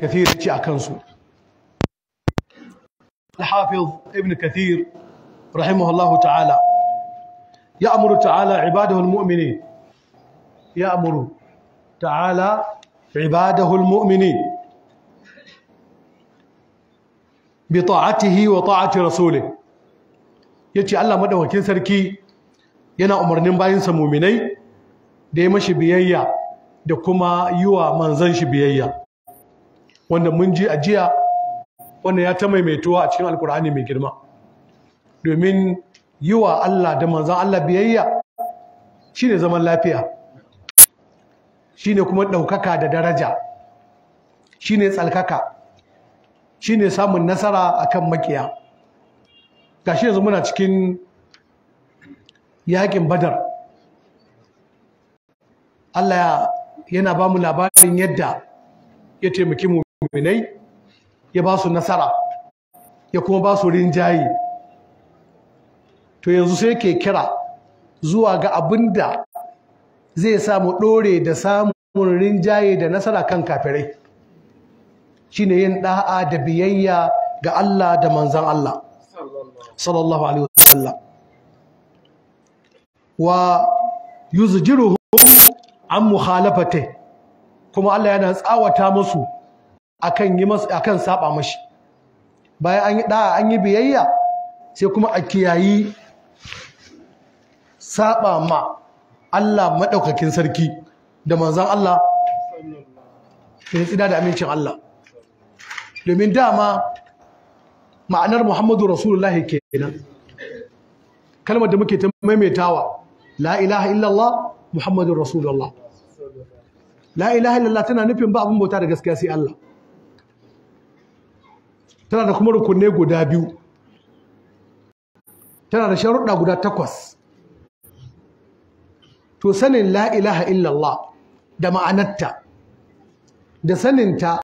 kathir ce a kansu الحافظ ابن كثير رحمه الله تعالى يأمر تعالى عباده المؤمنين يأمر تعالى عباده المؤمنين بطاعته وطاعة رسوله يتي الله مدوكين سركي ينا أمرنين باين سمومني دي مشي بيايا دكما يوا منزنش بيايا wanda mun ji a jiya wanda ya ta maimaituwa a cikin alkur'ani mai girma domin yi wa Allah da manzan Allah biyayya shine zaman lafiya shine kuma ɗaukaka da daraja shine tsalkaka shine samun nasara akan makiya shi yanzu muna cikin yakin badar Allah yana ba mu labarin yadda ya taimaki mu muminai ya ba su nasara ya kuma ba su rinjaye to yanzu sai ke kira zuwa ga abin da zai samu ɗore da samun rinjaye da nasara kan kafirai shine yin ɗa'a da biyayya ga Allah da manzan Allah sallallahu alaihi wasallam wa yuzjiruhum an mukhalafati kuma Allah yana tsawata musu akan yi masa akan saba mashi bayan an yi da'a an yi biyayya sai kuma a kiyayi saba ma Allah madaukakin sarki da manzon Allah sai tsida da amincin Allah domin dama ma'anar Muhammadu Rasulullahi kenan kalmar da muke ta maimaitawa la ilaha illallah Muhammadu Rasulullah la ilaha illallah tana nufin ba abin bauta da gaskiya sai Allah tana da kuma rukunne guda biyu tana da sharuɗa guda takwas to sanin la ilaha illallah da ma'anarta da saninta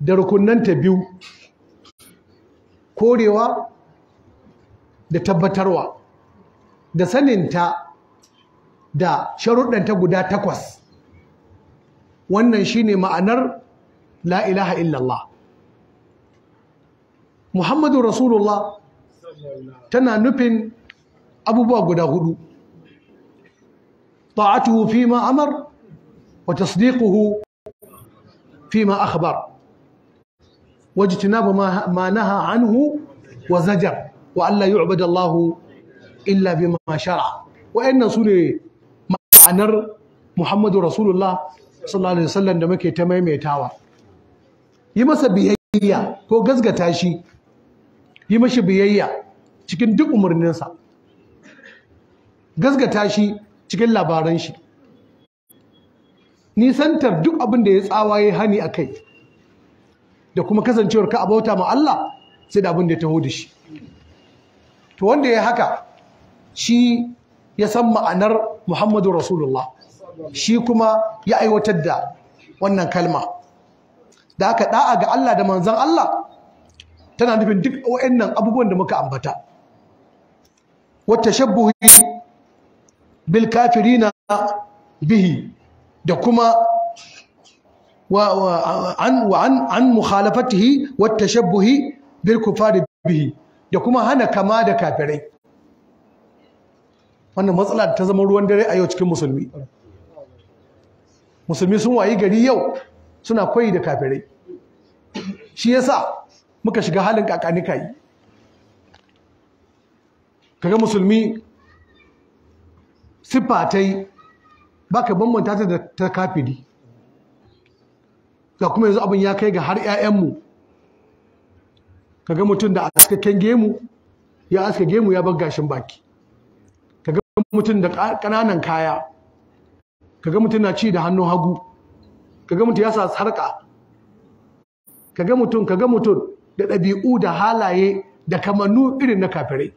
da rukunanta biyu korewa da tabbatarwa da saninta da sharuɗanta guda takwas wannan shine ma'anar la ilaha illallah muhammadu rasulullah tana nufin abubuwa guda hudu ta'atuhu fi ma amar wa tasdiquhu fi ma akhbar wajtinabu ma naha anhu wa zajar wa alla yu'bada illa bima shar'a sune ma'anar muhammadu rasulullah sallallahu alaihi wasallam da muke ta maimaitawa yi masa biyayya ko gazgata shi yi mashi biyayya cikin duk umarninsa gasgata shi cikin labaran shi nisantar duk abin da ya yi hani a kai da kuma kasancewar ka abauta ma Allah sai da abin da ya taho da shi to wanda ya haka shi ya san ma'anar Muhammadu Rasulullah shi kuma ya aiwatar da wannan kalma da haka da'a ga Allah da manzan Allah tana nufin duk waɗannan abubuwan da muka ambata Wata tashabbuhi bil kafirina bihi da kuma an wa wata an bil kufari bihi da kuma hana kama da kafirai wannan matsala ta zama ruwan dare a yau cikin musulmi musulmi sun wayi gari yau suna koyi da kafirai shi yasa muka shiga halin kakanika yi kaga musulmi siffa ta yi ba bambanta ta da ta kafiri ga kuma yanzu abin ya kai ga har 'ya'yanmu kaga mutum da askakken gemu ya aska gemu ya bar gashin baki kaga mutum da ƙananan kaya kaga mutum na ci da hannun hagu kaga mutum ya sa sarƙa kaga mutum kaga mutum da ɗabi'u da halaye da kamannu irin na kafirai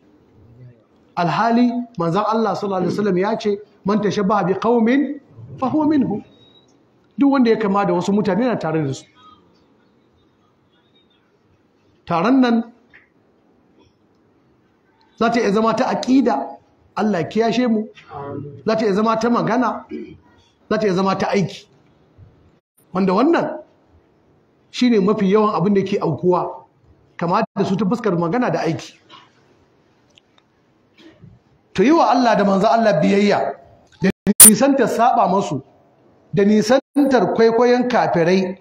alhali manzan Allah sallallahu alaihi wasallam ya ce man tashabbaha bi qaumin fa huwa minhum duk wanda ya kama da wasu mutane na tare da su taron nan za ta iya zama ta aƙida Allah kiyashe mu za ta iya zama ta magana za ta iya zama ta aiki wanda wannan shine mafi yawan abin da ke aukuwa kama da su ta fuskar magana da aiki to yi wa Allah da manzo Allah biyayya da nisantar saba masu da nisantar kwaikwayon kafirai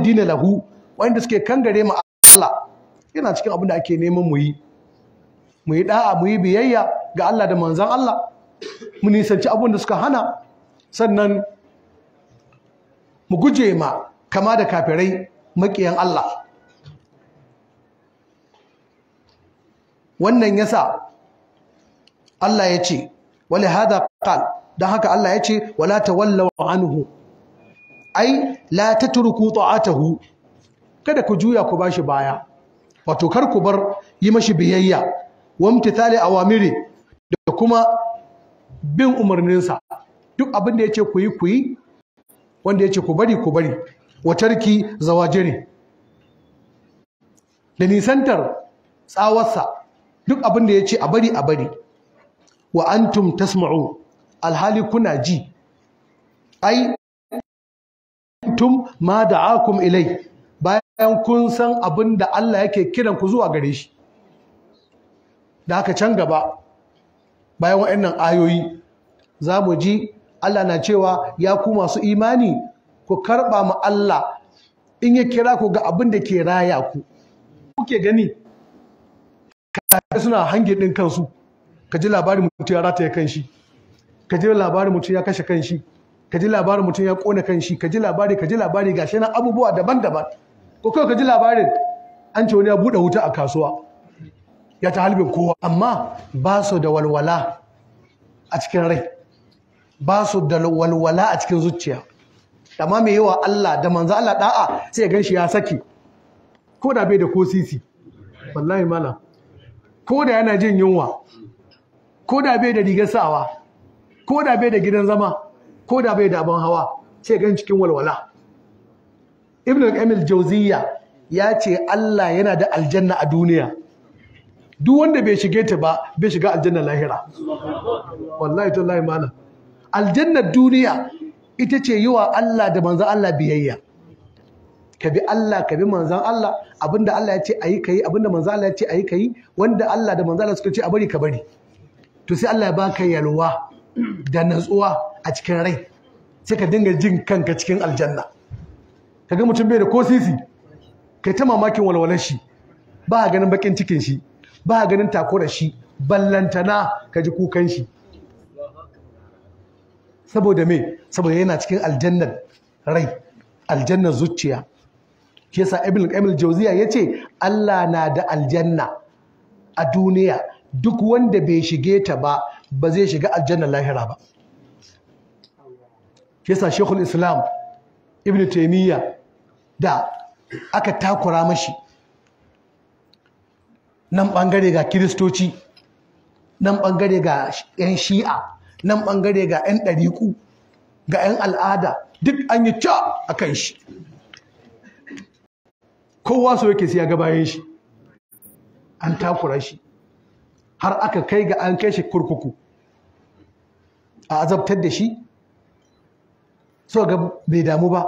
dina lahu wanda suke kangare mu Allah yana cikin abin da ake neman mu yi mu yi da'a mu yi biyayya ga Allah da manzan Allah mu nisanci abin da suka hana sannan mu guje ma kama da kafirai maƙiyan Allah wannan yasa Allah ya ce wali hada kal? Don haka Allah ya ce wala tawallaw anhu ai la tatruku ta'atahu kada ku juya ku bashi baya wato kar ku bar yi mashi biyayya wamtithali awamiri da kuma bin umarninsa duk abin da yace ku yi ku yi wanda yace ku bari ku bari watarki zawajiri da nisantar tsawarsa duk abin da ya ce a bari a bari wa antum tasma'u alhali kuna ji ai antum ma da'akum ilai bayan kun san abin da Allah yake kiran ku zuwa gare shi da haka can gaba bayan waɗannan ayoyi za mu ji Allah na cewa ya ku masu imani ku karɓa ma Allah in ya kira ku ga abin da ke raya ku kuke gani suna hange ɗin kansu ka ji labarin mutum ya ya kan shi ka ji labarin mutum ya kashe kan shi ka ji labarin mutum ya kone kan shi ka ji labari ka ji labari gashi na abubuwa daban-daban ko kai ka ji labarin an ce wani ya buɗe wuta a kasuwa ya ta halbin kowa amma ba su da walwala a cikin rai ba su da walwala a cikin zuciya amma mai yawa Allah da manzo Allah da'a sai ya ganshi ya saki ko da bai da ko sisi wallahi malam ko da yana jin yunwa ko da bai da rigar sawa ko da bai da gidan zama ko da bai da abin hawa sai gan cikin walwala ibn al amil jawziya ya ce Allah yana da aljanna a duniya duk wanda bai shige ta ba bai shiga aljanna lahira wallahi tallahi malam aljannar duniya ita ce yiwa Allah da manzo Allah biyayya ka bi Allah ka bi manzan Allah abinda Allah ya ce yi kai abinda manzan Allah ya ce a ka yi. wanda Allah da manzan Allah suka ce a bari ka bari to sai Allah ya baka yalwa da natsuwa a cikin rai sai ka dinga jin kanka cikin aljanna Ka ga mutum bai da ko sisi kai ta mamakin walwalar shi ba ganin bakin cikin shi ba ganin takurar shi ballantana ka ji kukan shi saboda me saboda yana cikin aljannar rai aljannar zuciya yasa ibn qayyim jauziya ya ce, Allah na da aljanna a duniya duk wanda bai shige ta ba ba zai shiga aljanna lahira ba yasa shekul islam ibn taimiyya da aka takura mashi nan bangare ga kiristoci nan bangare ga 'yan shi'a nan bangare ga 'yan ɗariku, ga 'yan al'ada duk an yi ca a kan shi kowa su yake siya bayan shi an takura shi har aka kai ga an kai shi kurkuku a azabtar da shi so ga bai damu ba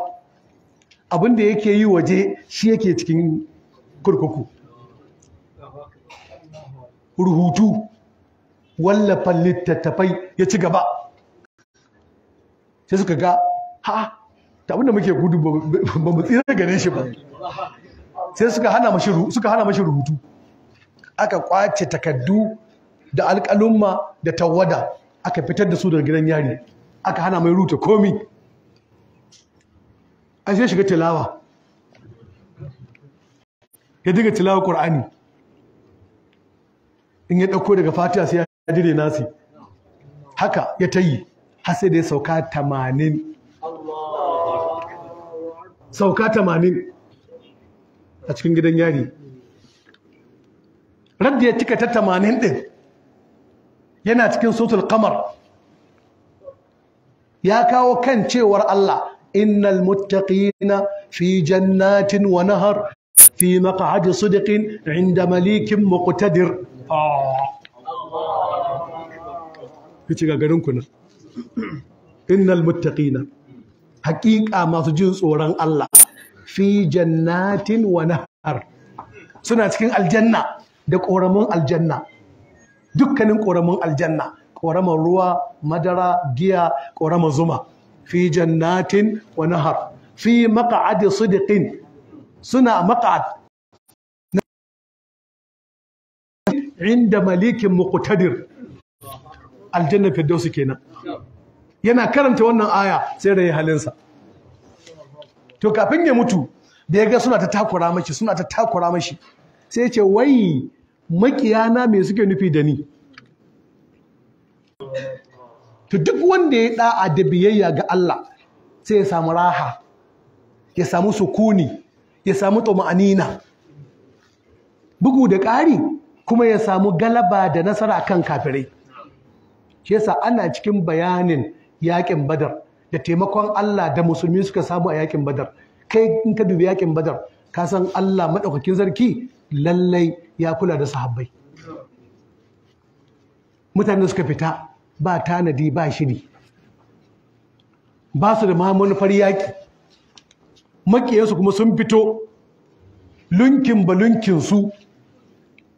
abin da yake yi waje shi yake cikin kurkuku rubutu wallafa littattafai ya ci gaba sai suka ga ha ta abinda muke gudu ba mu tsira ganin shi ba sai suka hana mashi suka hana mashi rubutu aka kwace takaddu da alƙalumma da tawada aka fitar da su daga gidan yari aka hana mai rubuta komi an sai shiga tilawa ya diga tilawa Qur'ani in ya ɗauko daga Fatiha sai ya jire nasi haka ya tayi har sai da ya sauka tamanin sauka tamanin a cikin gidan yari radda ya cika ta tamanin ɗin yana cikin sutul kamar ya kawo kan cewar Allah innal muttaqina fi jannatin wa nahar fi maq'adi sidqin 'inda malikin muqtadir kici ah. ga garin kuna innal muttaqina haƙiƙa masu jin tsoron Allah fi jannatin wa nahar suna cikin aljanna da ƙoramin aljanna dukkanin ƙoramin aljanna ƙoramar ruwa madara giya ƙoramar zuma fi jannatin wa nahar fi maq'adi sidiqin suna maq'ad inda malikin muqtadir aljanna firdausi kenan yana karanta wannan aya sai rayi halinsa to kafin ya mutu da ya ga suna ta takura mashi suna ta takura mashi sai ya ce wai makiyana me suke nufi da ni to duk wanda ya ɗa'a da biyayya ga Allah sai ya samu raha ya samu sukuni ya samu tuma'anina bugu da ƙari kuma ya samu galaba da nasara kan kafirai shi yasa ana cikin bayanin yaƙin badar da taimakon Allah da musulmi suka samu a yakin badar kai in ka dubi yakin badar ka san Allah maɗaukakin sarki lallai ya kula da sahabbai mutane suka fita ba tanadi ba shiri ba su da fari yaƙi maƙiyansu kuma sun fito lunkin ba su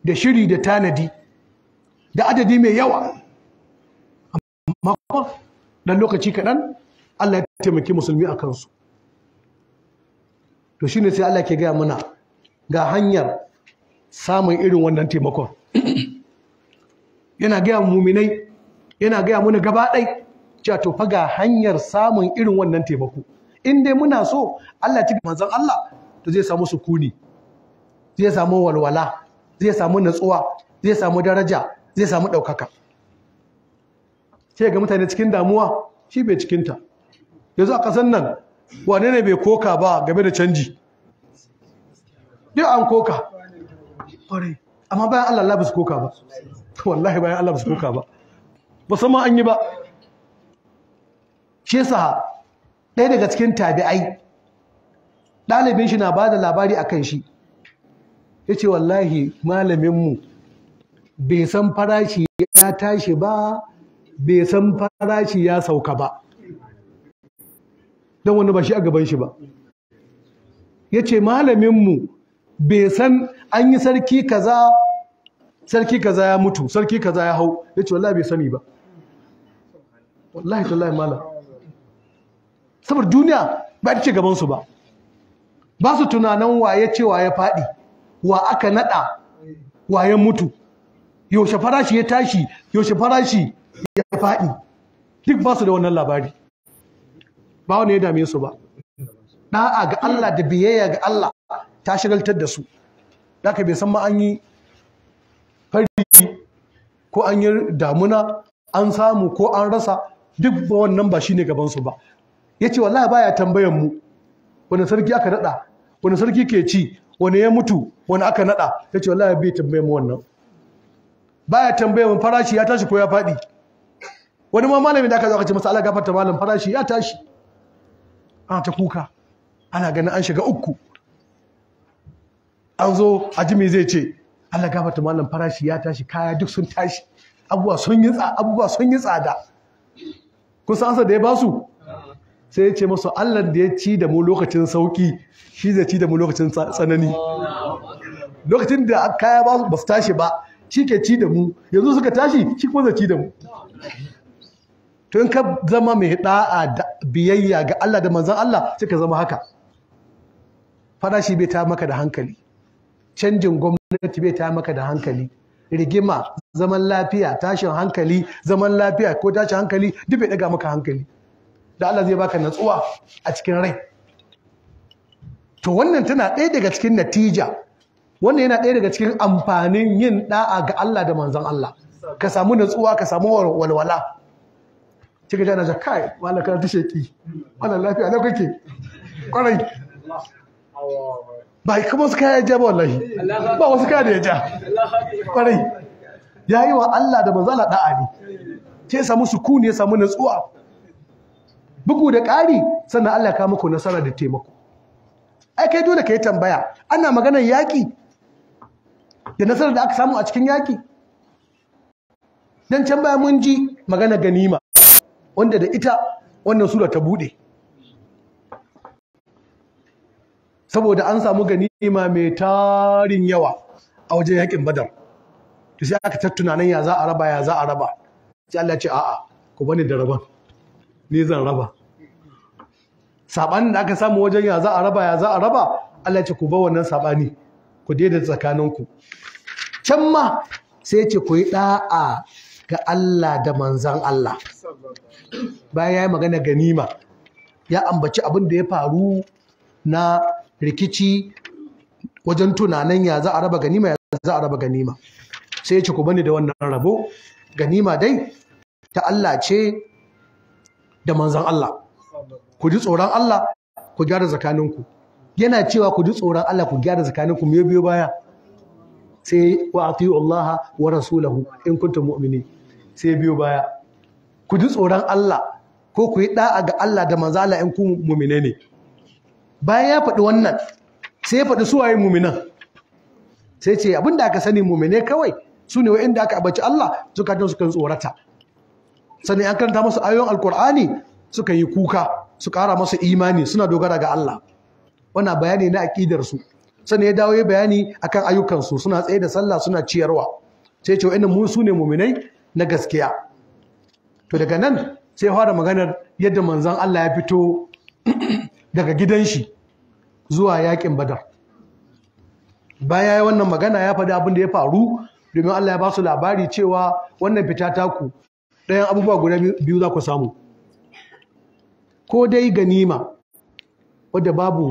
da shiri da tanadi da adadi mai yawa amma kuma ɗan lokaci kaɗan Allah ya taimaki musulmi a kansu to shi ne sai Allah ke gaya mana ga hanyar samun irin wannan taimakon yana gaya muminai yana gaya mana gaba ɗai cewa to fa ga hanyar samun irin wannan taimako in dai muna so Allah cika manzon Allah to zai samu sukuni zai samu walwala zai samu natsuwa zai samu daraja zai samu ɗaukaka sai ga mutane cikin damuwa shi bai cikinta yanzu a ƙasar nan wane ne bai koka ba game da canji Yau an koka amma bayan Allah labis koka ba wallahi bayan Allah labis koka ba ba sama ma an yi ba ce sa ɗaya daga cikin tabi'ai ɗalibin shi na ba da labari a kan shi ya ce wallahi malaminmu bai san farashi ya tashi ba bai san farashi ya sauka ba don wani ba shi a gaban shi ba ya ce malaminmu bai san an yi sarki kaza sarki kaza ya mutu sarki kaza ya hau ya ce wallahi bai sani ba wallahi tallahi malam saboda duniya ba ta ce gabansu ba ba su tunanan ya ce wa ya faɗi wa aka naɗa ya mutu yaushe farashi ya tashi yaushe farashi ya faɗi duk ba su da wannan labari ba wani ya dame su ba da'a ga Allah da biyayya ga Allah ta shagaltar da su ka bai san ma an yi fari ko an yi damuna an samu ko an rasa duk ba wannan ba shine gaban su ba Ya yace wallahi baya tambayan mu wani sarki aka nada wani sarki ke ci wani ya mutu wani aka nada ce, wallahi bai tambayan mu wannan baya tambayan mu farashi ya tashi ko ya fadi wani ma malami da aka zo aka ce masa Allah gafarta malam farashi ya tashi ana ta kuka ana ganin an shiga uku an zo a jimi zai ce Allah ta malam farashi ya tashi kaya duk sun tashi abubuwa sun yi tsada abubuwa sun yi tsada kun san da ya ba su sai ya ce masu Allah da ya ci da mu lokacin sauki shi zai ci da mu lokacin tsanani lokacin da kaya ba su tashi ba shi ke ci da mu yanzu suka tashi shi kuma zai ci da mu to in ka zama mai da'a da biyayya ga Allah da manzan Allah suka zama haka farashi bai ta maka da hankali canjin gwamnati bai ta maka da hankali rigima zaman lafiya tashin hankali zaman lafiya ko tashin hankali duk bai daga maka hankali da Allah zai baka natsuwa a cikin rai to wannan tana ɗaya daga cikin natija wannan yana ɗaya daga cikin amfanin yin da'a ga Allah da manzan Allah ka samu natsuwa ka samu walwala kika ji ana ja kai wala kana ta sheki wala lafiya na kake kwarai ba kuma su kaya ja ba wallahi ba wasu kaya da ya ja kwarai ya yi wa Allah da manzala da'a ne ke samu sukuni ya samu nutsuwa? bugu da ƙari sannan Allah ka muku nasara da taimako ai kai dole ka yi tambaya ana maganar yaƙi da nasarar da aka samu a cikin yaƙi dan can baya mun ji magana ganima wanda da ita wannan sura ta bude saboda an samu ganima mai tarin yawa a wajen yakin badar to sai aka tattuna nan ya za a raba ya za a raba sai Allah ya ce a'a ku bani da raban ni zan raba sabanin da aka samu wajen ya za a raba ya za a raba Allah ya ce ku ba wannan sabani ku daidai tsakaninku can ma sai ya ce ku yi da'a ga Allah da manzan Allah bayan ya yi magana ganima ya ambaci abin da ya faru na rikici wajen tunanin ya za a raba ganima ya za a raba ganima sai ya ce ku bani da wannan rabo ganima dai ta Allah ce da manzan Allah ku ji tsoron Allah ku gyara zakaninku yana cewa ku ji tsoron Allah ku gyara zakaninku mai biyo baya sai wa atiyu Allah wa rasulahu in kuntum mumini sai biyo baya ku ji tsoron Allah ko ku yi da'a ga Allah da maza in ku mu'mine ne bayan ya faɗi wannan sai ya faɗi su mu'minan sai ce abinda aka sani mu'mine kawai su ne da aka abaci Allah suka jin suka tsorata sannan an karanta masu ayoyin alkur'ani suka yi kuka su ƙara masu imani suna dogara ga Allah wannan bayani na akidar su sannan ya dawo ya bayani akan ayyukan su suna tsaye da sallah suna ciyarwa sai ce wa'in mu su ne mu'minai na gaskiya to daga nan sai fara maganar yadda manzon Allah ya fito daga gidan shi zuwa yakin badar baya ya wannan magana ya faɗi abin da ya faru domin Allah ya ba su labari cewa wannan fita taku ɗayan abubuwa guda biyu za ku samu ko dai ganima wadda babu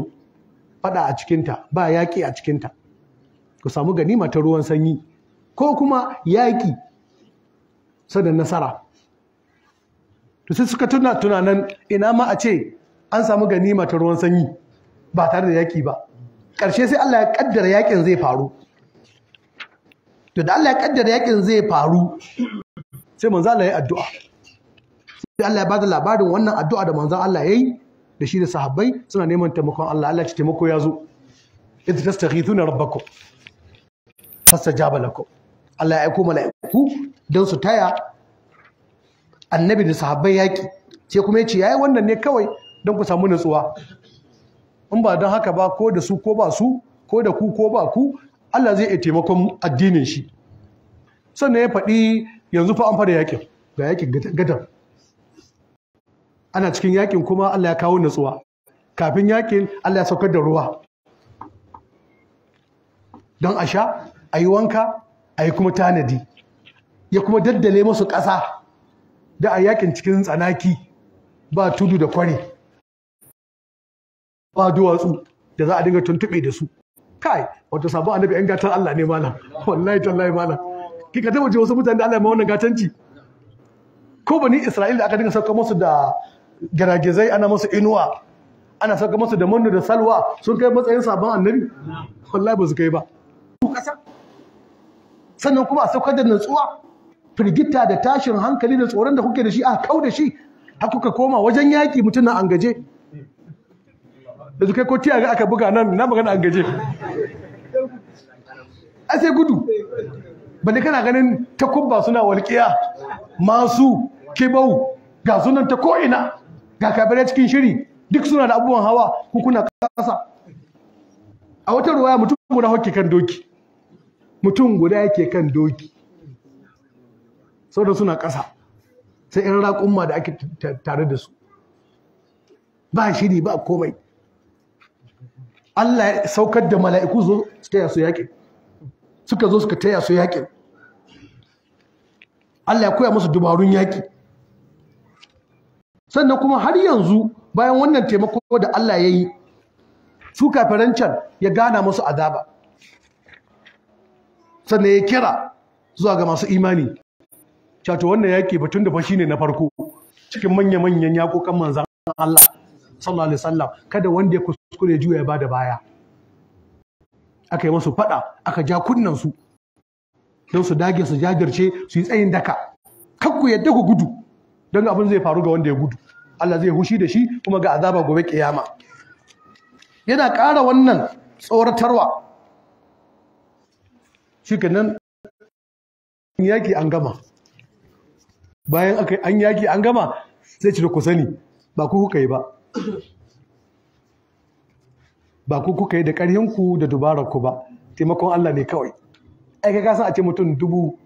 faɗa a cikinta ba yaƙi a cikinta ku samu ganima ta ruwan sanyi ko kuma yaƙi sadan nasara to sai suka tuna tunanan ina ma a ce an samu ganima ta ruwan sanyi ba tare da yaƙi ba ƙarshe sai Allah ya kaddara yaƙin zai faru to da Allah ya kaddara yaƙin zai faru sai manzo Allah ya addu'a sai Allah ya bada labarin wannan addu'a da manzo Allah ya yi da shi da sahabbai suna neman taimakon Allah Allah ya ce taimako ya zo idh tastaghithuna rabbakum fastajaba lakum Allah ya aiko mala'iku don su taya annabi da sahabbai yaƙi sai kuma ya ce yayi wannan ne kawai don ku samu nutsuwa in ba don haka ba ko da su ko ba su ko da ku ko ba ku Allah zai iya taimakon addinin shi sannan ya faɗi yanzu fa an fara yaƙin ga yaƙin gadan ana cikin yaƙin kuma Allah ya kawo nutsuwa kafin yaƙin Allah ya saukar da ruwa don a sha a yi wanka a yi kuma tanadi ya kuma daddale masu ƙasa da a yakin cikin tsanaki ba tudu da kware ba duwatsu da za a dinga tuntuɓe da su kai Wata sabon annabi yan gatan Allah ne malam wallahi tallahi malam Ki taba ji wasu mutane da Allah ya ma wannan gatanci ko bani Isra'ila aka dinga sauka musu da garagezai ana musu inuwa ana sauka musu da mannu da salwa sun kai matsayin sabon annabi wallahi ba su kai ba sannan kuma a saukar da natsuwa firgita da tashin hankali da tsoron da kuke da shi a kau da shi har kuka koma wajen yaƙi mutum na an gaje da suka ko tiya ga aka buga nan na magana an gaje a sai gudu balle kana ganin takubba suna walƙiya masu kibau ga sunan ta ko'ina ga kabirai cikin shiri duk suna da abubuwan hawa ko kuna kasa a wata ruwaya mutum guda hokke kan doki mutum guda yake kan doki sauran suna ƙasa sai yan raƙumma da ake tare da su ba shiri ba komai Allah ya saukar da mala'iku zo su taya su yaƙin suka zo suka taya su yaƙin. Allah ya koya musu dubarun yaƙi sannan kuma har yanzu bayan wannan taimako da Allah ya yi su kafirancan can ya gana musu azaba sannan ya kira zuwa ga masu imani cato wannan yaƙi batun da shi shine na farko cikin manya-manyan yaƙoƙan manzan Allah sallallahu alaihi wasallam kada wanda ya kuskure juya ya bada baya aka yi masu faɗa aka ja kunnan su don su dage su jajirce su yi tsayin daka kakku yadda ku gudu don abin zai faru ga wanda ya gudu Allah zai hushi da shi kuma ga azaba gobe kiyama yana ƙara wannan tsoratarwa shi kenan yaki an gama bayan aka an yaki an gama sai ci da ku sani ba ku kuka yi ba ba ku kuka yi da ƙarhinku da dubararku ba taimakon Allah ne kawai ai ka san a ce mutum dubu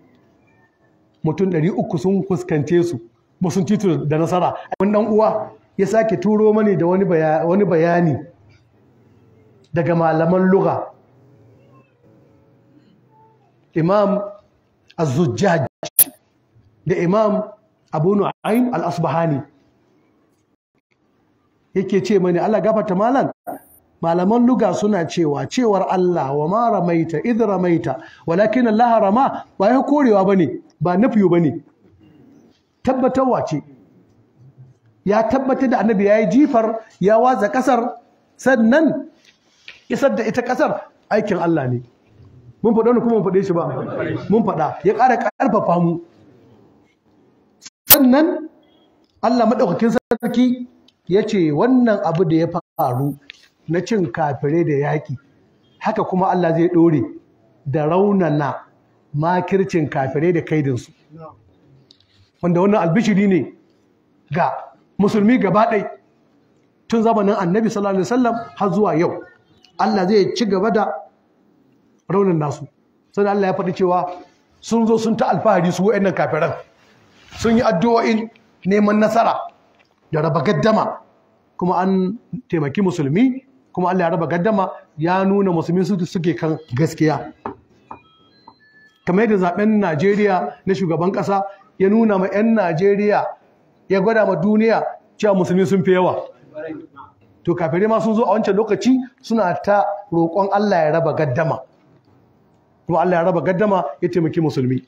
mutum ɗari uku sun fuskance su ba sun da nasara wani ɗan uwa ya sake turo mani da wani bayani daga malaman lugha imam az da imam abu nu'aym al-asbahani yake ce mani Allah gafarta malam malaman luga suna cewa cewar Allah wa ma ramaita id ramaita walakin Allah rama ba ya korewa ne, ba ba ne. tabbatarwa ce ya tabbatar da annabi yayi jifar ya watsa kasar sannan isar da ita kasar aikin Allah ne mun faɗa ne kuma mun faɗe shi ba mun faɗa ya ƙara ƙarfafa mu sannan Allah maɗaukakin sarki ya ce wannan abu da ya faru na cin kafire da yaƙi haka kuma Allah zai ɗore da raunana makircin kafire da kaidinsu wanda wannan albishiri ne ga musulmi gaba ɗai tun zamanin annabi sallallahu alaihi wasallam har zuwa yau Allah zai ci gaba da raunin nasu sannan Allah ya faɗi cewa sun zo sun ta alfahari su wa'annan kafiran sun yi addu'o'in neman nasara da raba gaddama kuma an taimaki musulmi kuma Allah ya raba gaddama ya nuna musulmi suke kan gaskiya kamar yadda zaɓen Najeriya na shugaban ƙasa ya nuna ma 'yan Najeriya ya gwada ma duniya cewa musulmi sun fi yawa to kafirai ma sun zo a wancan lokaci suna ta roƙon Allah ya raba gaddama kuma Allah ya raba gaddama ya taimaki musulmi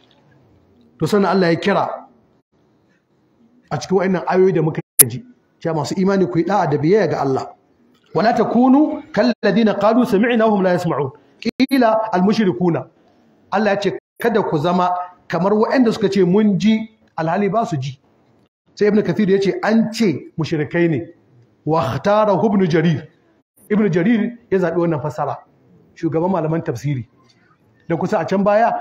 to sannan Allah ya kira a cikin wa'annan ayoyi da muka ji cewa masu imani ku yi da'a da biyayya ga Allah wala takunu kalladina qalu sami'na hum la yasma'un qila almushrikuna Allah ya ce kada ku zama kamar wa'anda suka ce mun ji alhali ba su ji sai ibnu kathir ya ce an ce mushrikai ne wa ikhtara ibnu jarir ibnu jarir ya zabi wannan fasara shugaban malaman tafsiri da kusa a can baya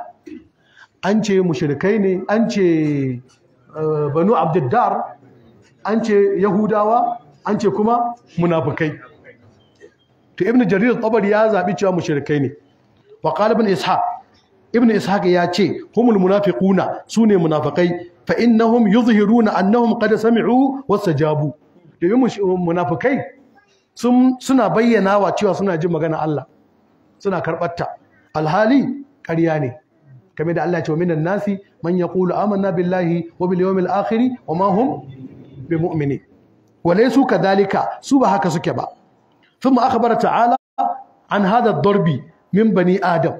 an ce mushrikai ne an ce Eh, banu abdiddar an ce yahudawa an ce kuma munafukai to ibn jarir tabari ya zabi cewa mushrikai ne wa qala ibn ishaq ibn ishaq ya ce humul munafiquna sune munafukai fa innahum yuzhiruna annahum qad sami'u wastajabu domin munafikai sun suna bayyana wa cewa suna jin magana Allah suna karbatta alhali ƙarya ne kamar da Allah ya ce minan nasi man yaqulu amanna billahi wa bil yawmil akhir wa ma hum bimu'minin walaysu kadhalika su ba haka suke ba thumma akhbara ta'ala an hada darbi min bani adam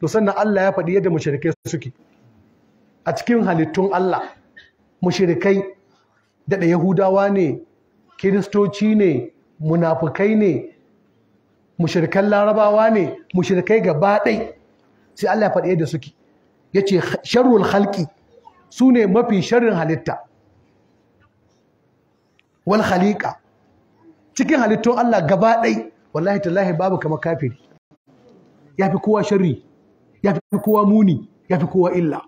to sannan Allah ya faɗi yadda mushrikai suke a cikin halittun Allah mushrikai da yahudawa ne kiristoci ne munafukai ne mushrikan larabawa ne mushrikai gaba ɗaya. sai Allah ya faɗi yadda suke ya ce sharrul halki su ne mafi sharin halitta wal halika cikin halittun Allah gaba ɗai wallahi tallahi babu kama kafiri ya fi kowa shari ya fi kowa muni ya fi kowa illa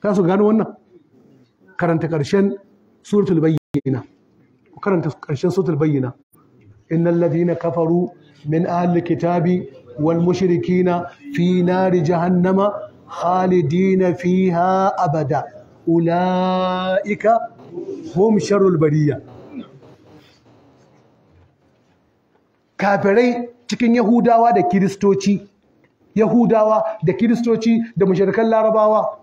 ka su gano wannan karanta ƙarshen suratul bayyina karanta ƙarshen suratul innal ladina kafaru min ahli kitabi wal mushrikina fi nari jahannama khalidina fiha abada ulaika hum sharul bariya kafirai cikin yahudawa da kiristoci yahudawa da kiristoci da mushrikan larabawa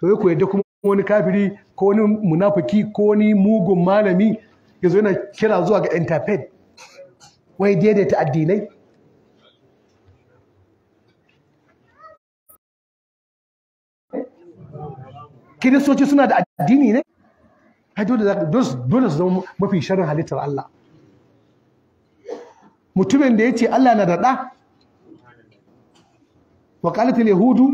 to yi yadda kuma wani kafiri ko wani munafiki ko wani mugun malami ya zo yana kira zuwa ga interfaith wai daidaita addinai kiristoci suna da addini ne ai dole su zama mafi sharrin halittar Allah mutumin da ya ce Allah na da ɗa wakalatul yahudu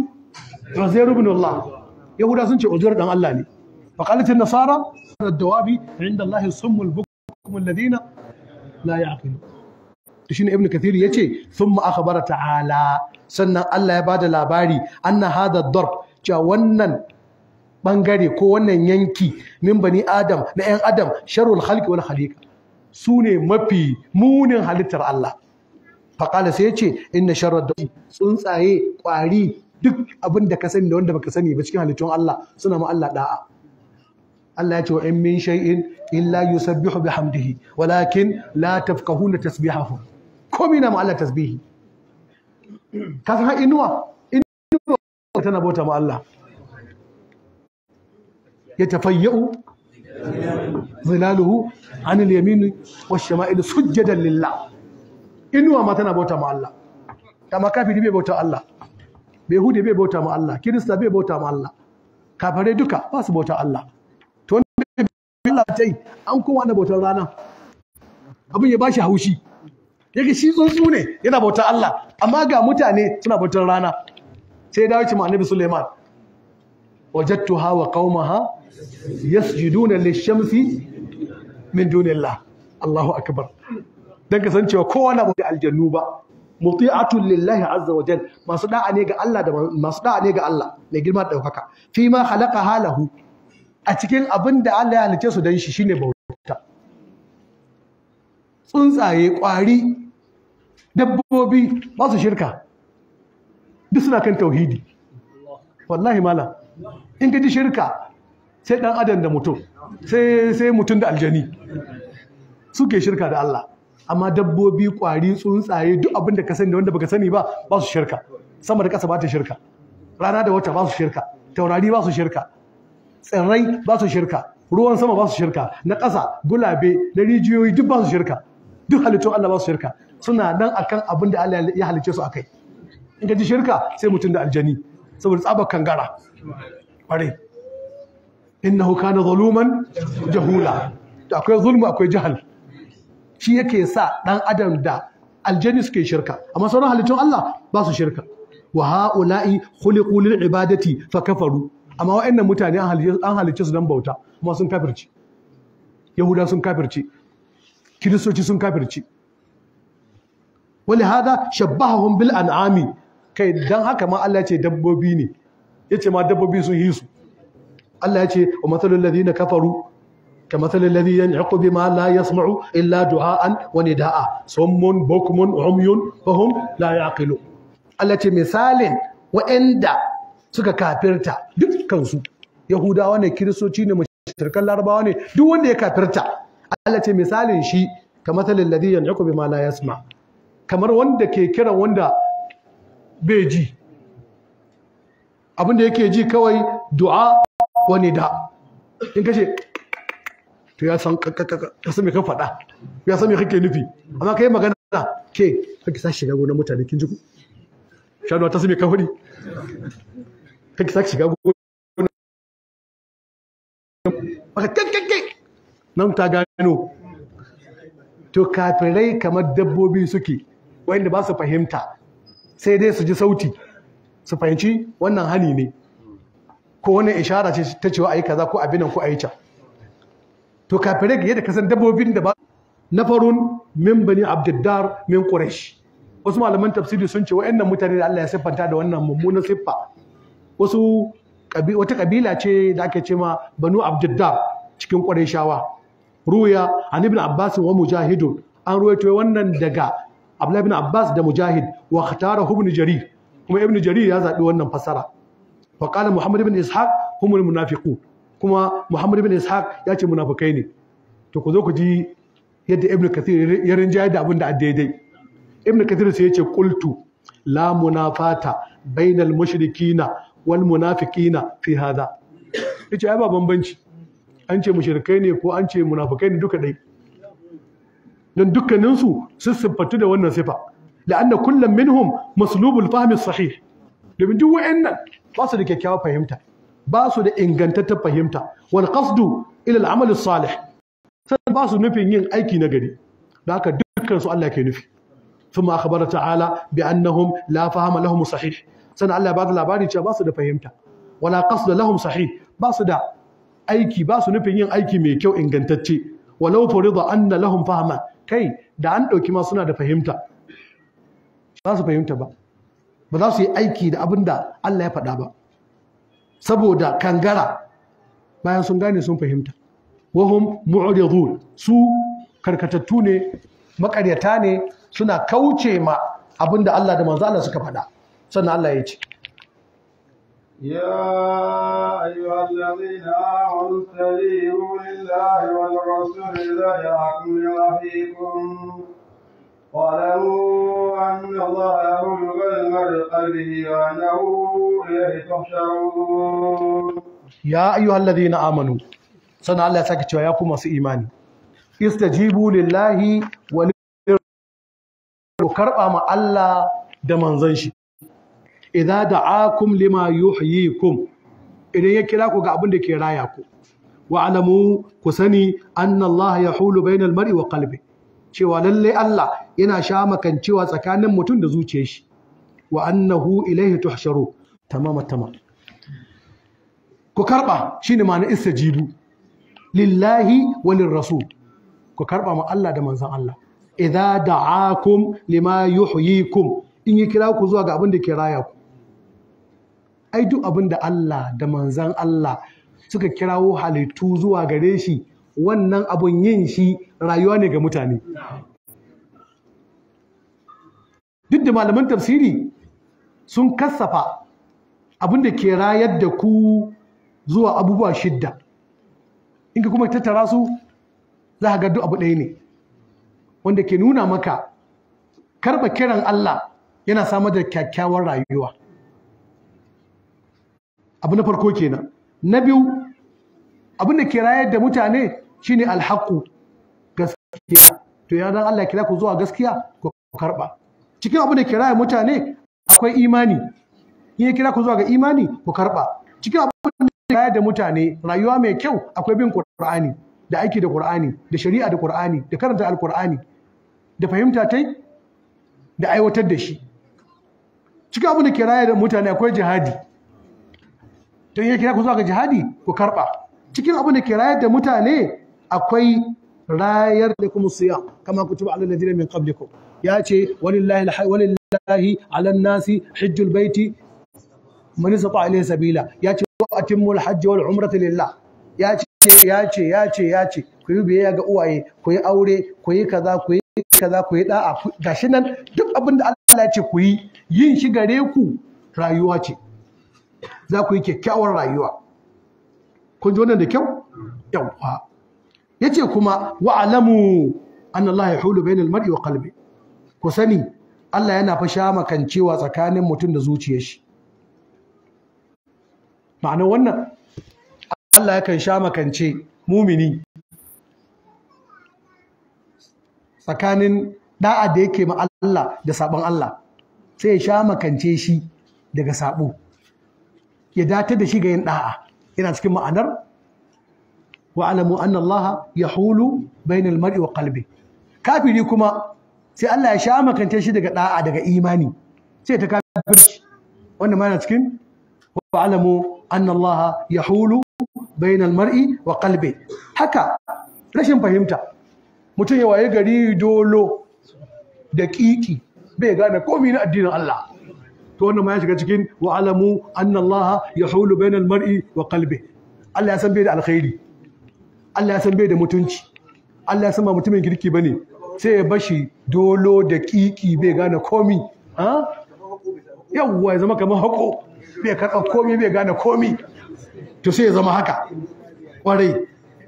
uzairu ibn Allah yahuda sun ce uzairu ɗan Allah ne wakalatul nasara dawabi inda Allah ya summul bukum Ladina. la ya'qilun to shine ibn kathir yace thumma akhbara ta'ala sannan Allah ya bada labari anna hadha ad-darb cewa wannan bangare ko wannan yanki min bani adam na yan adam sharul khalqi wal khaliqa su ne mafi munin halittar Allah faƙala sai yace ce inna sharar tsuntsaye ƙwari duk abin da ka sani da wanda baka sani ba cikin halittun Allah suna ma Allah da'a Allah ya ce wa in min shay'in illa yusabbihu bihamdihi walakin la tafqahuna tasbihahu komai na ma Allah tasbihi ka san inuwa inuwa tana bauta ma Allah يتفيئ ظلاله عن اليمين والشمائل wa shama'il إنه inuwa ma tana bauta ma Allah amma kafiri bai bauta Allah bai hude bai bauta ma Allah kirista bai bauta ma Allah kafare duka bauta Allah to ta yi an kowa rana abin ya bashi haushi yake shi tsuntsu ne yana bautar Allah amma ga mutane suna bautar rana sai ya dawo ci ma annabi suleiman wajadtuha wa qaumaha yasjuduna lishamsi min dunillah Allahu akbar dan kasancewa kowa na bauta aljannu ba muti'atun lillahi azza wa jal masu da'a ne ga Allah da masu da'a ga Allah ne girma da daukaka fi ma khalaqa halahu a cikin abin da Allah ya halice su dan shi shine bauta tsuntsaye kwari dabbobi masu shirka duk suna kan tauhidi wallahi mala in ka ji shirka sai dan adam da mutum sai mutum da aljani suke shirka da Allah amma dabbobi kwari tsuntsaye duk abin da ka sani da wanda baka sani ba ba su shirka sama da kasa ba ta shirka rana da wata ba su shirka taurari ba su shirka tsirrai ba su shirka ruwan sama ba su shirka na ƙasa gulabe da rijiyoyi duk ba su shirka duk halittun Allah ba su shirka suna nan akan abin da Allah ya halicce su akai in ka ji shirka sai mutum da aljani saboda tsabar kangara ƙware innahu kana zaluman jahula akwai zulma akwai jahal shi yake sa dan adam da aljani suke shirka amma sauran halittun Allah ba su shirka wa haula'i khuliqu lil ibadati fa kafaru amma wa'annan mutane an halicce su dan bauta kuma sun kafirci yahuda sun kafirci kiristoci sun kafirci wali hada shabbahum bil an'ami kai dan haka ma Allah ce dabbobi ne ya ce ma dabbobi sun yi su Allah ya ce wa matsalin ladina kafaru ka matsalin ladina ya ma la ya illa du'a'an wani da'a sommun bokumun umyun fahim la ya aqilu Allah ce misalin wa'anda suka kafirta dukkansu yahudawa ne kiristoci ne mashirkan larabawa ne duk wanda ya kafirta Allah ce misalin shi ka matsalin ma la ya kamar wanda ke kiran wanda bai ji abinda yake ji kawai du'a wani da in kace to ya san ka san me ka faɗa ya san me kake nufi amma kai magana ke kake sa shiga gonar mutane kin ji ku shanu ta san me ka faɗi kake sa shiga gonar maka kakkakke nan ta gano to kafirai kamar dabbobi suke wanda ba su fahimta sai dai su ji sauti su fahimci wannan hani ne ko wani ishara ce ta cewa ayi kaza ko abinan ko ayi can to kafirai yadda ka san dabbobin da ba nafarun min bani abdiddar min quraish wasu malaman tafsiri sun ce wayannan mutane da Allah ya siffanta da wannan mummunan siffa wasu wata kabila ce da ake ce ma banu abdiddar cikin qurayshawa ruya an ibn abbas wa mujahidun an ruwaito wannan daga Abdullahi ibn abbas da mujahid wa khatara ibn jarir kuma ibnu jarir ya zabi wannan fasara fa qala muhammad ibn ishaq humul munafiqun kuma muhammad ibn ishaq ya ce munafikai ne to ku zo ku ji yadda ibnu kathir ya rinjaye da abin da daidai ibnu kathir sai ya ce qultu la munafata bainal mushrikina wal munafiqina fi hadha yace ai ba bambanci an ce mushrikai ne ko an ce munafikai ne duka dai don dukkaninsu sun siffatu da wannan sifa la'anna kullum minhum maslubul fahmi sahih domin duk wayannan ba su da kyakkyawar fahimta ba su da ingantattar fahimta wal qasdu ila al amal salih sannan ba su nufin yin aiki na gari da haka dukkan su Allah ke nufi ثم أخبر تعالى بأنهم لا فهم لهم صحيح سنة الله بعد العباري ba su da fahimta wala qasda lahum sahi? ba su da aiki ba su nufin yin aiki mai kyau ingantacce walau furida anna lahum fahma kai da an ɗauki ma suna da fahimta za su fahimta ba ba za su yi aiki da abin da Allah ya faɗa ba saboda kangara bayan sun gane sun fahimta wahum mu'ridun su karkatattu ne makaryata ne suna kauce ma abin da Allah da manzo Allah suka faɗa sannan Allah ya ce يا أيها الذين واعلموا أن الله يعلم Ya بقلبه وأنه إليه تحشرون يا أيها الذين آمنوا سنة الله ساكت يا كما إيماني istajibu lillahi wa ku karba ma Allah da manzon shi idza da'akum lima yuhyikum idan ya kira ku ga abin da ke raya ku wa alamu ku sani anna Allah yahulu bainal mar'i kalbi. cewa lallai Allah yana sha makancewa tsakanin mutum da zuciyar shi wa annahu ilaihi tuhsharu tamama tamam ku karba shine ma'ana istajibu lillahi walin rasul ku karba ma Allah da manzon Allah idza da'akum lima yuhyikum in yi kira ku zuwa ga abin da ke raya ku ai duk abin da Allah da manzon Allah suka kirawo halittu zuwa gare shi wannan abun yin shi rayuwa ne ga mutane duk da malaman tafsiri sun kassafa abin da ke rayar da ku zuwa abubuwa shidda in ka kuma tattara su za ka duk abu ɗaya ne wanda ke nuna maka karɓa kiran Allah yana samar da kyakkyawar rayuwa abu na farko kenan na biyu abin da ke rayar da mutane shine alhaqu gaskiya to ya dan Allah kira ku zuwa gaskiya ku karba cikin abu da kira mutane akwai imani in ya kira ku zuwa ga imani ku karba cikin abu da kira da mutane rayuwa mai kyau akwai bin Qur'ani da aiki da Qur'ani da shari'a da Qur'ani da karanta alqur'ani da fahimta tai da aiwatar da shi cikin abu da kira da mutane akwai jihadi to in ya kira ku zuwa ga jihadi ku karba cikin abu da kira da mutane akwai rayar da kuma siya kama kutuba alal ladina min qablikum ya ce walillahi walillahi ala nasi hajjul baiti man istata ilayhi sabila ya ce wa atimmul hajj wal umrata lillah ya ce ya ce ya ce ya ce ku yi biyayya ga uwaye ku yi aure ku yi kaza ku yi kaza ku yi da'a gashi nan duk abinda da Allah ya ce ku yi yin shi gare ku rayuwa ce za ku yi kyakkyawar rayuwa kun ji wannan da kyau yawwa yace kuma wa alamu anna Allah yahulu bainal mar'i wa qalbi ku sani Allah yana fasha makancewa tsakanin mutum da zuciyar shi ma'ana wannan Allah yakan sha makance mumini tsakanin da'a da yake ma Allah da sabon Allah sai ya sha makance shi daga sabo ya dace da shi ga yin da'a yana cikin ma'anar wa alamu anna Allah yahulu bainal mar'i wa qalbi kafiri kuma sai Allah ya sha makance shi daga da'a daga imani sai ta kafirci wannan mana cikin wa anna Allah yahulu bainal mar'i wa qalbi haka rashin fahimta mutum ya waye gari dolo da kiki bai gane komai na addinin Allah to wannan ma ya shiga cikin wa alamu anna Allah yahulu bainal mar'i wa qalbi Allah ya san bai da alkhairi Allah ya san bai da mutunci Allah ya san ba mutumin kirki bane sai ya bashi dolo da kiki bai gane komi ha yawwa ya zama kamar hako bai karɓa komi bai gane komi to sai ya zama haka kwarai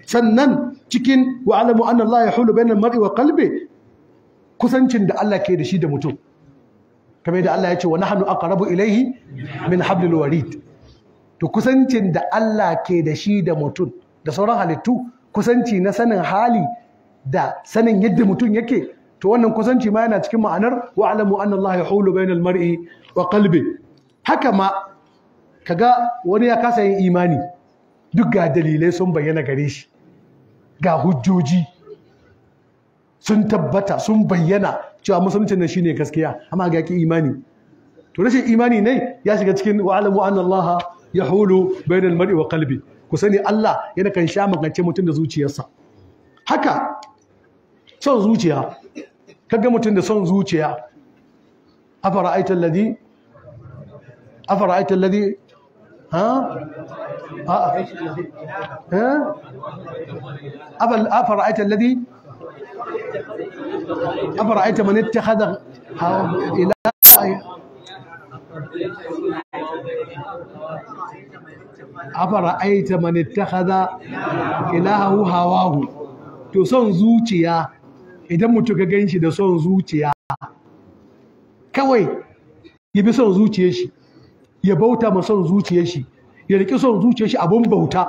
sannan cikin wa alamu anna Allah ya hulu bainal mar'i wa qalbi kusancin da Allah ke da shi da mutum kamar da Allah ya ce wa nahnu aqrabu ilaihi min hablil warid to kusancin da Allah ke da shi da mutum da sauran halittu kusanci na sanin hali da sanin yadda mutum yake to wannan kusanci ma yana cikin ma'anar wa alamu anna Allah yahulu bainal mar'i wa qalbi haka ma kaga wani ya kasa yin imani duk ga dalilai sun bayyana gare shi ga hujjoji sun tabbata sun bayyana cewa musuluncin nan shine gaskiya amma ga ki imani to rashin imani ne ya shiga cikin wa alamu anna Allah yahulu bainal mar'i wa qalbi ku sani Allah yana kan sha magance mutum da zuciyarsa haka son zuciya kaga mutum da son zuciya afara aita alladhi afara aita alladhi ha ha afara aita alladhi afara aita man ittakhadha afara aita mani ta haza ilahu hawahu to son zuciya idan mutu ka gan shi da son zuciya kawai ya bi son zuciya shi ya bauta ma son zuciya shi ya riƙi son zuciya shi abun bauta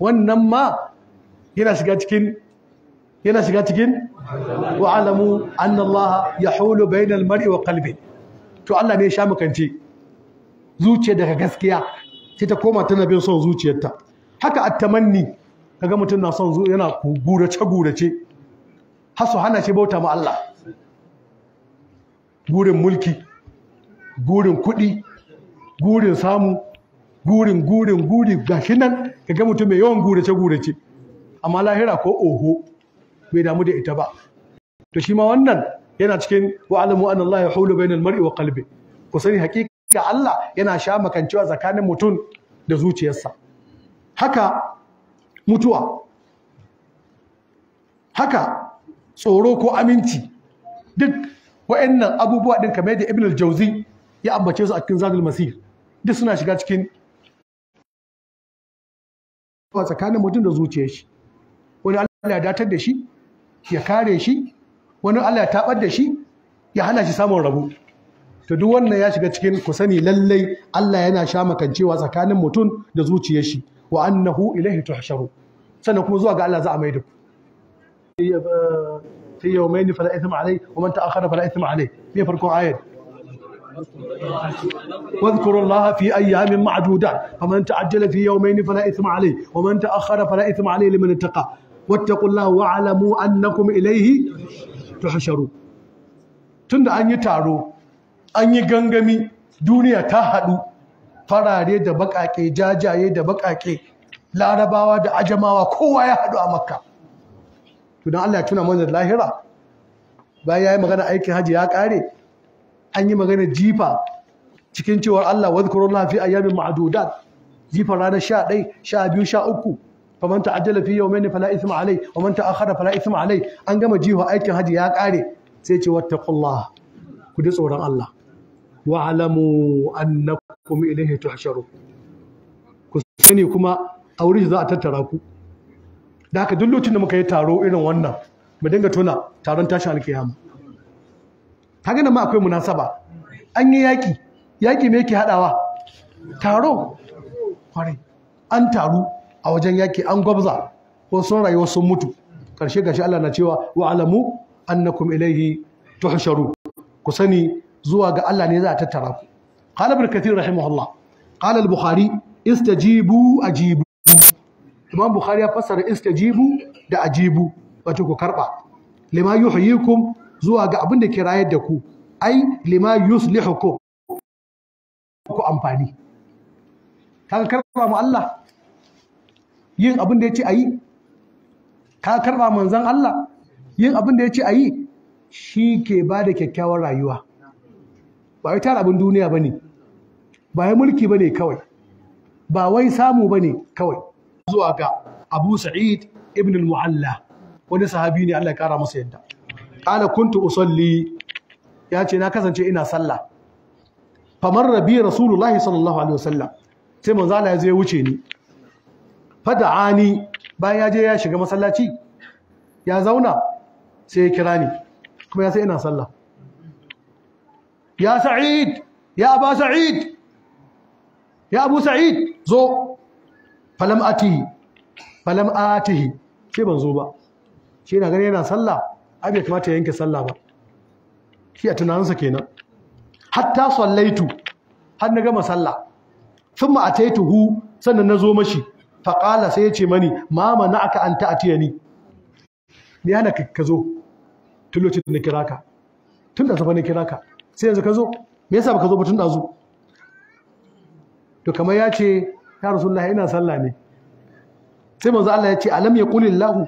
wannan ma yana shiga cikin yana shiga cikin wa'alamu annallaha yahulu bainal mar'i wa qalbi to Allah ne ya sha mukanci zuciya daga gaskiya sai ta koma tana bin son zuciyarta haka attamanni kaga mutum na son yana gurace gurace har su hana shi bauta ma Allah gurin mulki gurin kuɗi gurin samu gurin gurin guri gashi nan kaga mutum mai yawan gurace gurace amma lahira ko oho bai damu da ita ba to shi ma wannan yana cikin wa'alamu anna Allah bainal mar'i wa qalbi ku sani ga Allah yana sha makancewa tsakanin mutum da zuciyarsa haka mutuwa haka tsoro ko aminci duk wa'annan abubuwa ɗin kamar da Ibn al jauzi ya ambace su a cikin Zadul Masir duk suna shiga cikin tsakanin mutum da zuciyar shi wani Allah ya datar da shi ya kare shi wani Allah ya tabar da shi ya hana shi samun rabu to duk wannan ya shiga cikin ku sani lallai Allah yana sha makancewa tsakanin mutum da zuciyar shi wa annahu ilaihi tuhsharu sannan kuma zuwa ga Allah za a maida. ku fi yawmayn fala ithma alai wa man ta'akhkhara fala ithma alai me farkon ayat الله في معدودات فمن تعجل في يومين فلا عليه ومن فلا عليه لمن اتقى واتقوا الله واعلموا تحشرون tunda an yi taro an yi gangami duniya ta haɗu farare da baƙaƙe jajaye da baƙaƙe larabawa da ajamawa kowa ya haɗu a makka tunan allah ya tuna mana lahira bayan ya yi magana aikin hajji ya ƙare an yi magana jifa cikin cewar allah wadda kuro lafi a yamin ma'adudan jifa ranar sha ɗai sha biyu sha uku faman ta ajala fi ne fala ithma alai wa man ta'akhkhara fala ithma alai an gama jifa aikin hajji ya ƙare sai ce kullum ku ji tsoron allah wa'lamu annakum ilayhi tuhsharun ku sani kuma a za a tattara ku da haka duk lokacin da muka yi taro irin wannan mu dinga tona taron tashin alkiyama kage nan ma akwai munasaba an yi yaki yaki me yake hadawa taro Kware. an taru a wajen yaki an gwabza ko sun rayuwa sun mutu karshe gashi Allah na cewa 'Wa'alamu annakum ilaihi tuhsharu ku sani zuwa ga Allah ne za a tattara ku qala ibn kathir rahimahullah qala al-bukhari istajibu ajibu imam bukhari ya fassara istajibu da ajibu wato ku karba lima yuhyikum zuwa ga abin da ke rayar da ku ai lima yuslihukum ku amfani ka karɓa mu Allah yin abin da ya ce a yi? ka karɓa manzan Allah yin abin da ya ce a yi? shi ke bada kyakkyawar rayuwa ba wai tara abin duniya ba ne ba wai mulki ba ne kawai ba wai samu ba ne kawai zuwa ga abu sa'id ibn al-mu'alla wani sahabi ne Allah ya kara masa yadda qala kuntu usalli ya ce na kasance ina sallah famar rabi rasulullahi sallallahu alaihi wasallam sai manzo Allah ya zo ya wuce ni fada'ani bayan ya je ya shiga masallaci ya zauna sai ya kira ni kuma ya sai ina sallah ya sa'id ya aba sa'id ya abu sa'id zo falam ati, falam atihi ke ban zo ba shi na gani yana sallah ai bai kamata ya yanke sallah ba shi a tunaninsa kenan hatta sallaitu har na gama sallah thumma ataituhu sannan na zo mashi faƙala sai ya ce mani ma na aka an ta'atiya ni ni hana ka zo tun lokacin da na kira ka tun da safa na kira ka sai yanzu ka zo me yasa baka zo ba tun dazu to kamar ya ce ya rasulullahi ina sallah ne sai manzo Allah ya ce alam yaqulillahu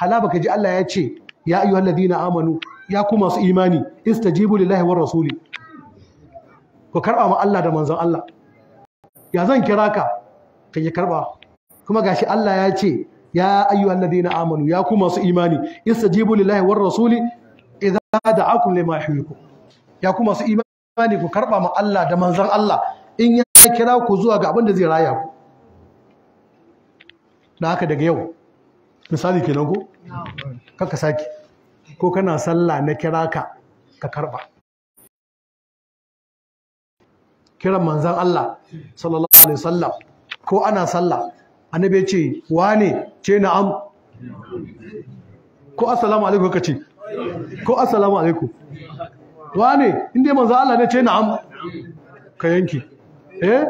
hala baka ji Allah ya ce ya ayyuhalladhina amanu ya ku masu imani istajibu lillahi war rasuli ku karba ma Allah da manzon Allah ya zan kira ka ka yi karba kuma gashi Allah ya ce ya ayyuhalladhina amanu ya ku masu imani istajibu lillahi war rasuli idza da'akum lima yuhyikum ya kuma su imani ku karɓa ma Allah da manzan Allah in ya kira ku zuwa ga abin da zai raya ku da haka daga yau misali kenan nago kaka sake, ko kana sallah na kira ka ka karɓa kiran manzan Allah sallallahu alaihi wasallam ko ana sallah annabi ya ce wane ce na'am ko assalamu alaikum kace ko assalamu alaikum wane inda manzo Allah ne ce na'am ka yanki eh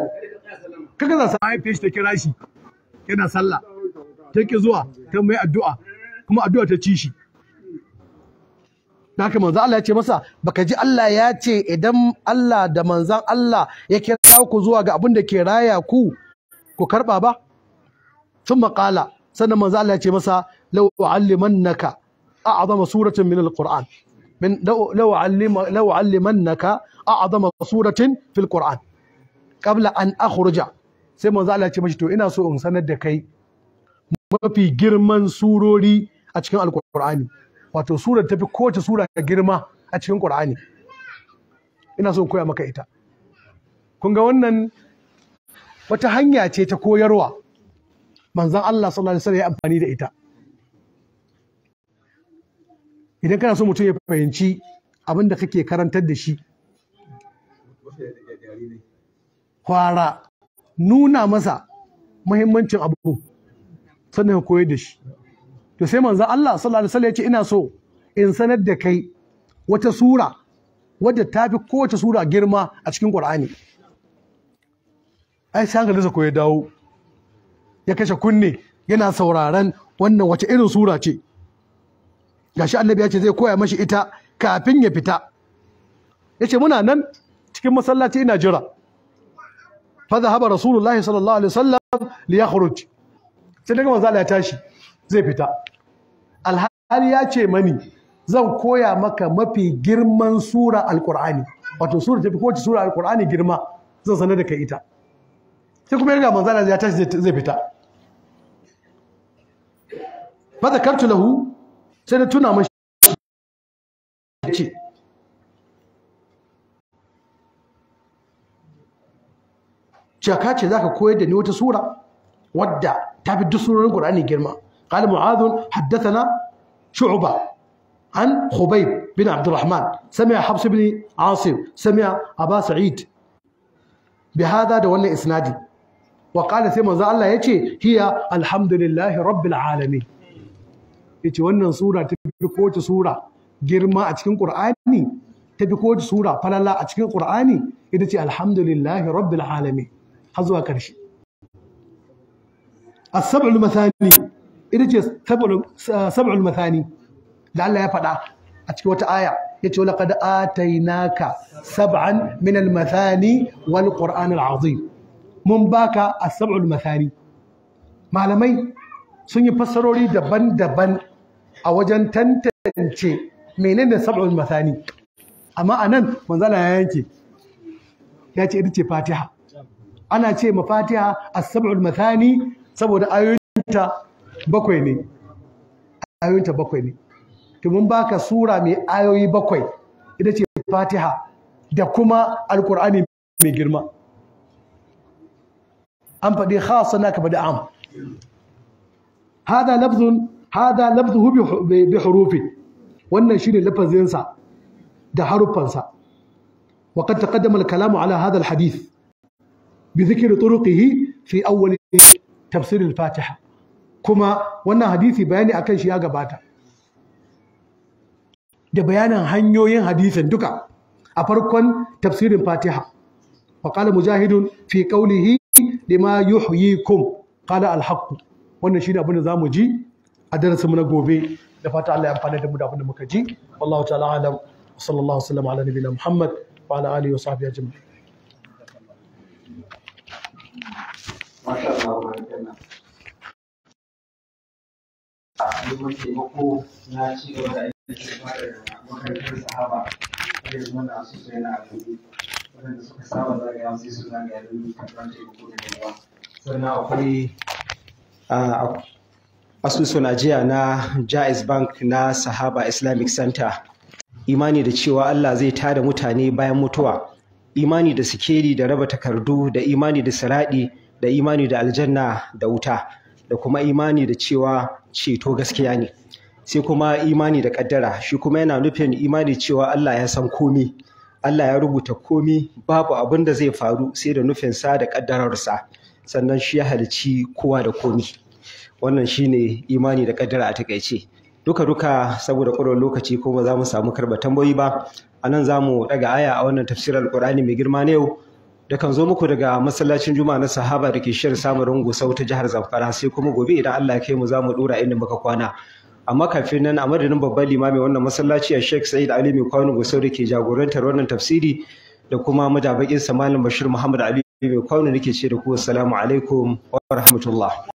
kaga za sa haife shi ta kira shi yana sallah ta ki zuwa ta mai addu'a kuma addu'a ta ci shi haka manzo Allah ya ce masa baka ji Allah ya ce idan Allah da manzan Allah ya kira ku zuwa ga abin da ke raya ku ku karba ba sun maƙala sannan manzo Allah ya ce masa lau u'allimannaka a'zama suratin min alquran من لو لو علم لو علمنك اعظم سوره في القران قبل ان اخرج sai manzo Allah ya ce mashi to ina so in sanar da kai mafi girman surori a cikin alkur'ani wato surar tafi kowace sura girma a cikin qur'ani ina so in koya maka ita kun ga wannan wata hanya ce ta koyarwa manzo Allah sallallahu alaihi wasallam ya amfani da ita idan kana so mutum ya fahimci abin da kake karantar da shi kwara nuna masa muhimmancin abu sannan ka koyar da shi to sai manzo Allah sallallahu alaihi wasallam ya ce ina so in sanar da kai wata sura wadda ta fi kowace sura girma a cikin Qur'ani ai sai hankalinsa ko ya dawo ya kashe kunne yana sauraron wannan wace irin sura ce gashi annabi ya ce zai koya mashi ita kafin ya fita ya ce muna nan cikin masallaci ina jira fa zahaba rasulullahi sallallahu alaihi wasallam li yakhruj sai daga manzo ya tashi zai fita alhali ya ce mani zan koya maka mafi girman sura alqur'ani wato sura ta tafi kowace sura alqur'ani girma zan sanar da kai ita sai kuma ya manzo ya tashi zai fita fa zakartu lahu sai da tuna mashi yace jaka ce zaka koyar da ni wata sura قال معاذ حدثنا شعبة عن خبيب بن عبد الرحمن سمع حبس بن عاصم سمع أبا سعيد بهذا دولة إسنادي وقال سيما الله يتي هي الحمد لله رب العالمين yace wannan sura ta fi kowace sura girma a cikin Qur'ani ta fi kowace sura falala a cikin Qur'ani ita ce alhamdulillahi rabbil alamin har zuwa karshe as-sab'ul mathani ita ce sab'ul mathani da Allah ya faɗa a cikin wata aya yace laqad atainaka sab'an min al-mathani wal qur'an al-azim mun baka as-sab'ul mathani malamai sun yi fassarori daban-daban a wajen tantance menene sab'ul masani amma nan, manzala ya yanke ya ce ita ce fatiha ana ce ma fatiha a sabul masani saboda ayoyinta bakwai ne ayoyinta bakwai ne to mun baka sura mai ayoyi bakwai ita ce fatiha da kuma alkur'ani mai girma an faɗi khasa na ka faɗi am hada lafzun hada lafzuhu bi hurufin wannan shine lafazinsa da haruffansa. wa qad taqaddama al-kalamu ala hadha al-hadith bi dhikri turuqihi fi awwal tafsir fatiha kuma wannan hadisi bayani akan shi ya gabata da bayanin hanyoyin hadisin duka a farkon tafsirin fatiha wa qala mujahidun fi qawlihi lima yuhyikum qala al-haqq wannan shine abin da zamu ji a darasin mu na gobe da fata Allah ya amfana da mu da abin da muka ji wallahu ta'ala alam sallallahu alaihi ala nabiyina muhammad wa ala alihi wa sahbihi ajma'in masha Allah wa a neman taimako na ci gaba da aiki da makarantar sahaba da yanzu na su sai na abubu waɗanda suka saba zagaya sai su zagaya don karɓar taimako da yawa sannan akwai asusun ajiya na jais bank na sahaba islamic center imani da cewa allah zai tada mutane bayan mutuwa imani da sikeli da raba takardu da imani da saradi, da imani da aljanna da wuta da kuma imani da cewa ceto gaskiya ne sai kuma imani da ƙaddara shi kuma yana nufin imani cewa allah ya san komi allah ya rubuta komi babu abin da zai faru sai da nufinsa da ƙaddararsa sannan shi ya halici kowa da komi wannan shi ne imani da kaddara a takaice duka duka saboda ƙurar lokaci ko ba za mu samu karba tambayoyi ba a nan za mu ɗaga aya a wannan tafsirar alƙur'ani mai girma ne yau da kan zo muku daga masallacin juma'a na sahaba da ke shirin samun rungu sau ta jihar zamfara sai kuma gobe idan allah ya kai mu za mu ɗora inda muka kwana amma kafin nan a madadin babban limamin wannan masallaci a sheikh sa'id ali mai kwano gusau da ke jagorantar wannan tafsiri da kuma majabakin malam bashir muhammad ali mai kwano ke ce da ku assalamu alaikum wa rahmatullah